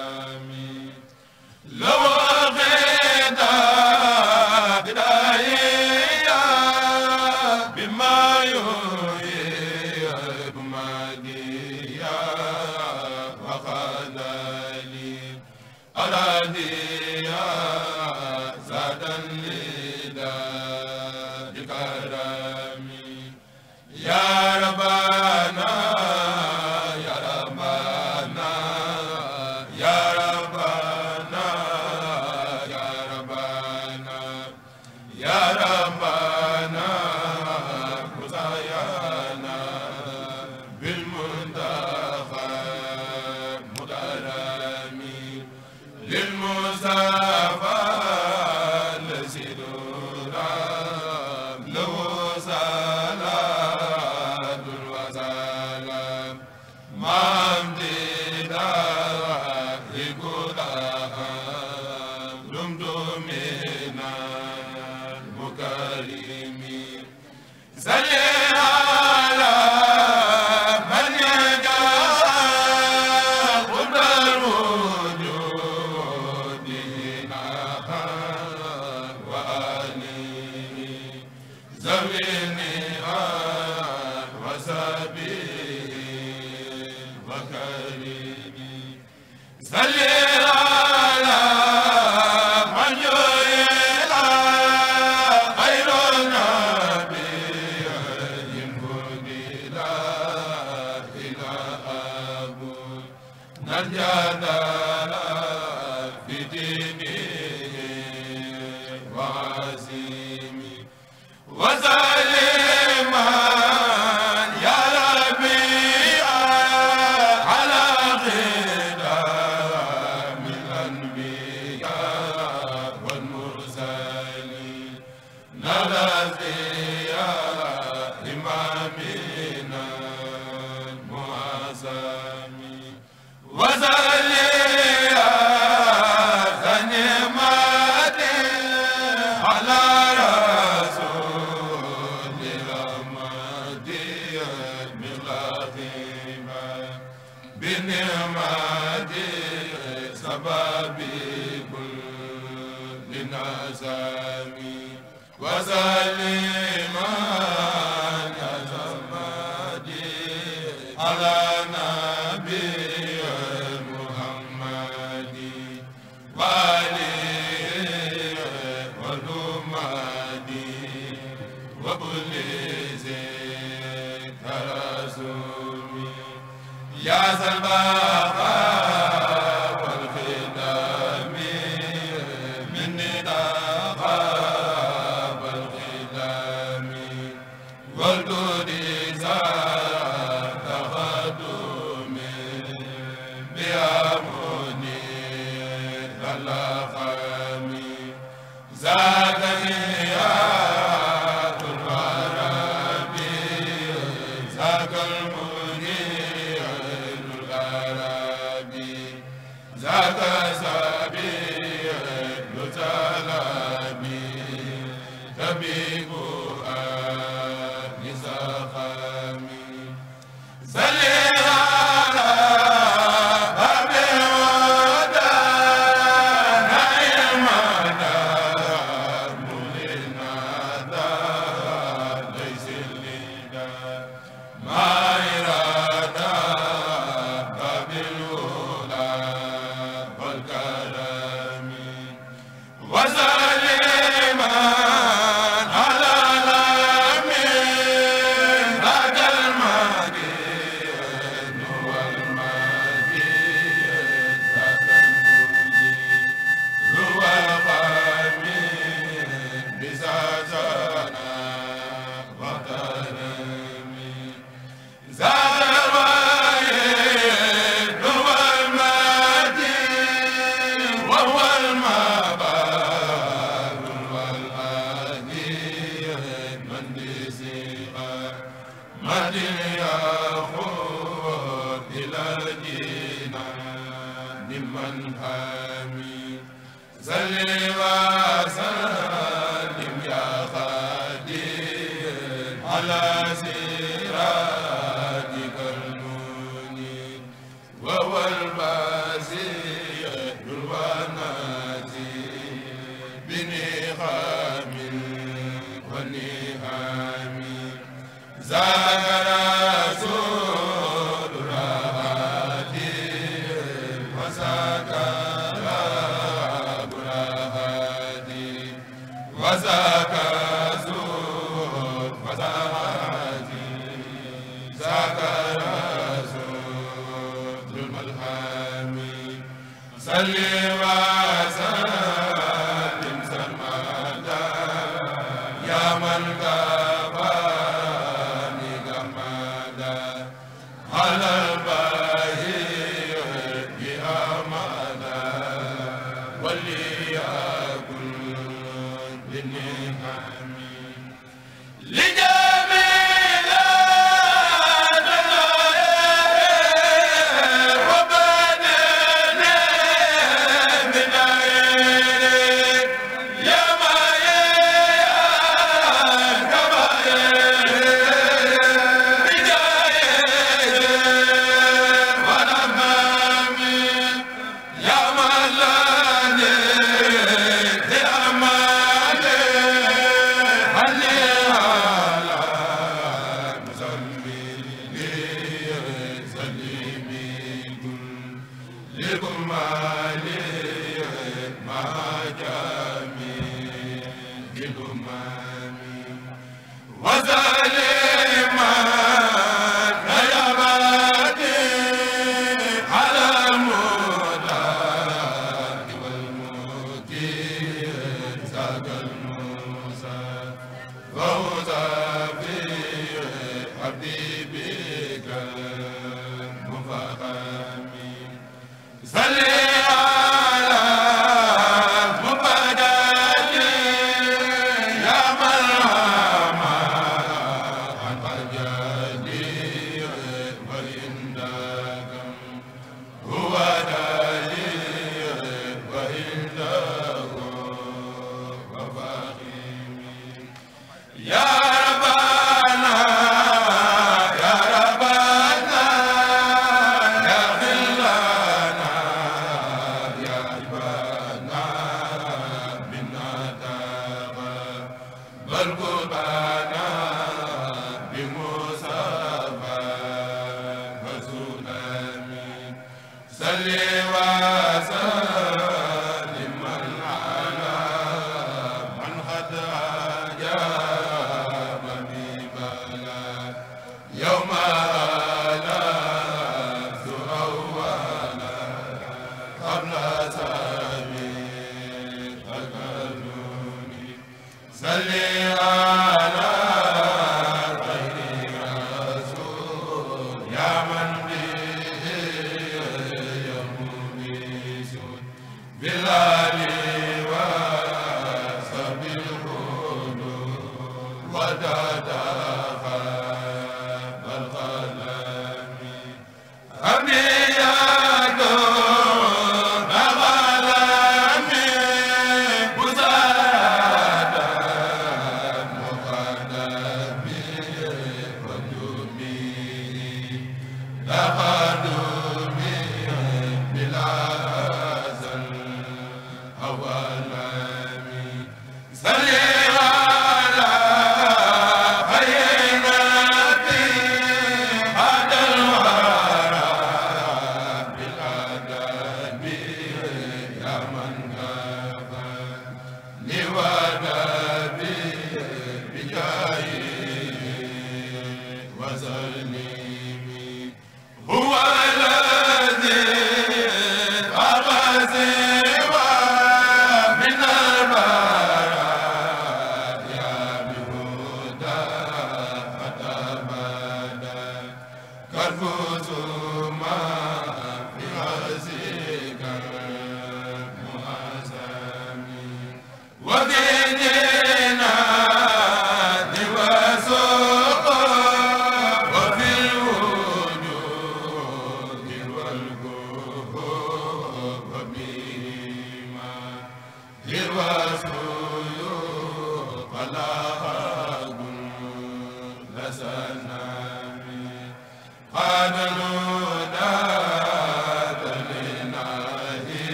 amiin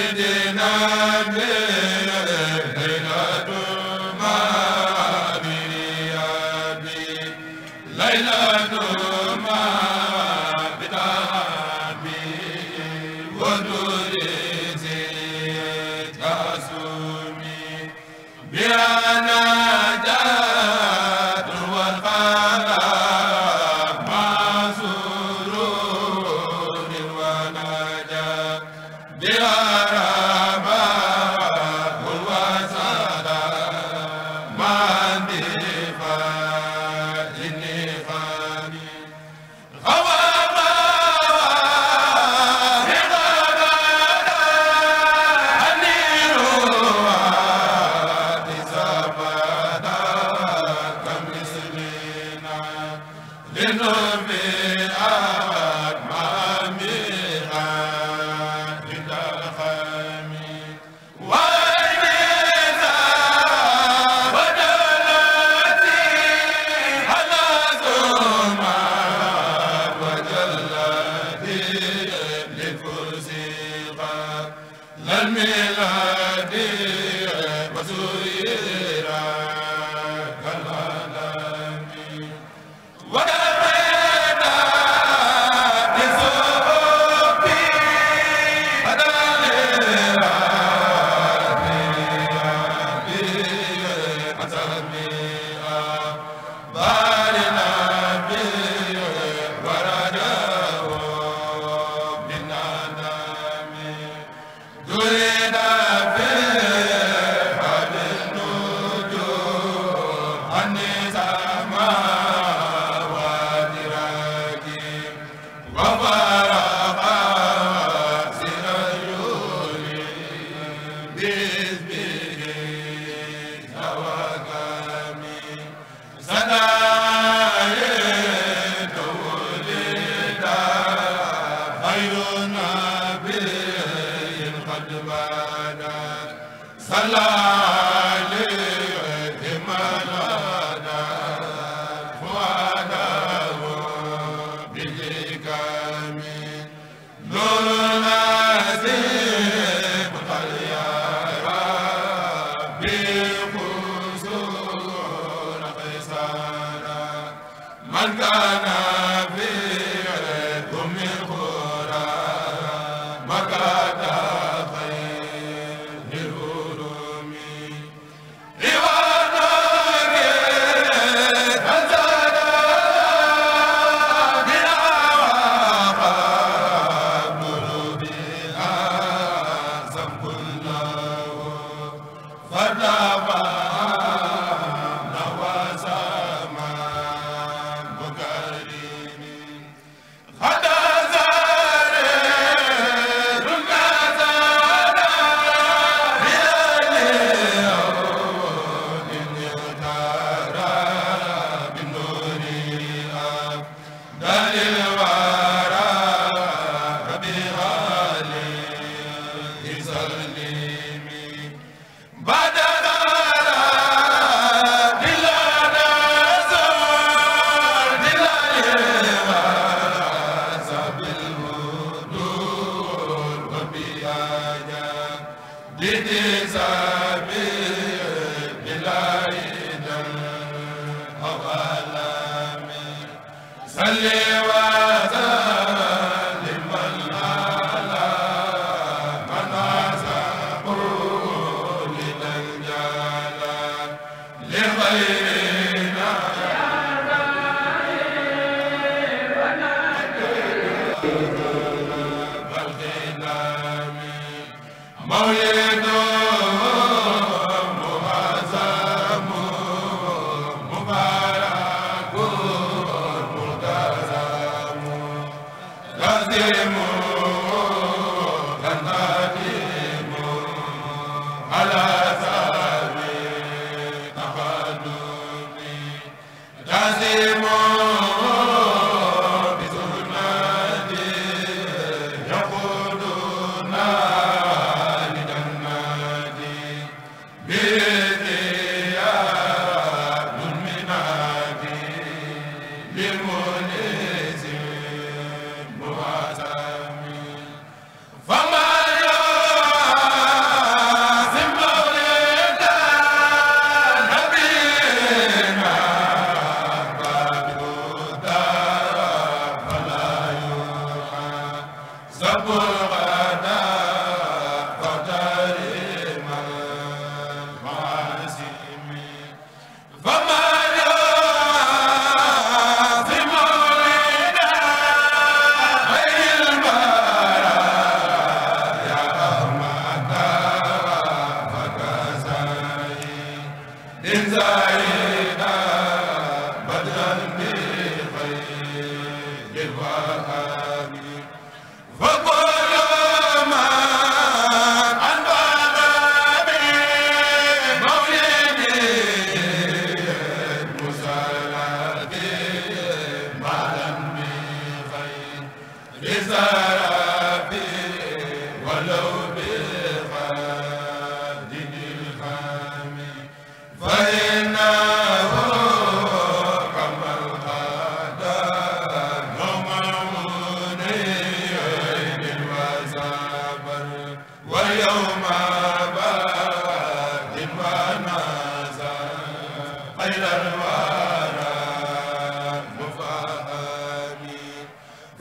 ihdina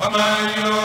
amaa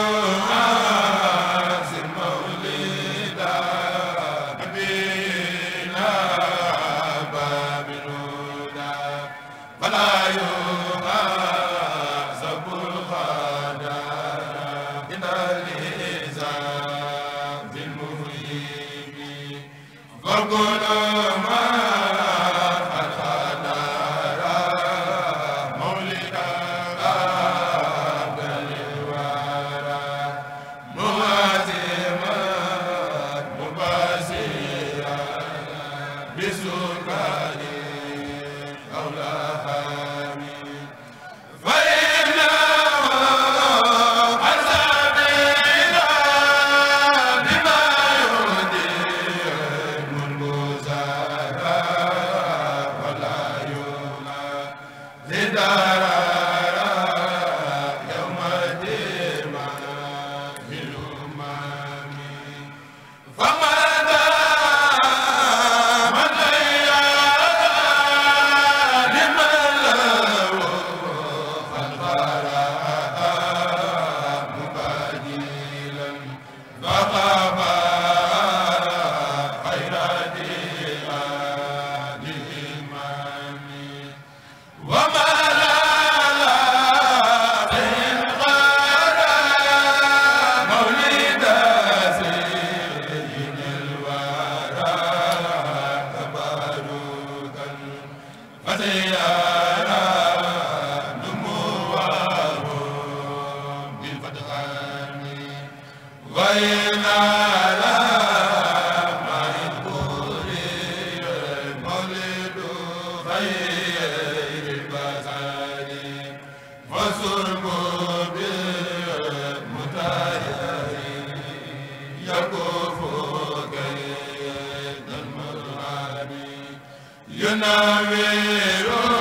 yunawiru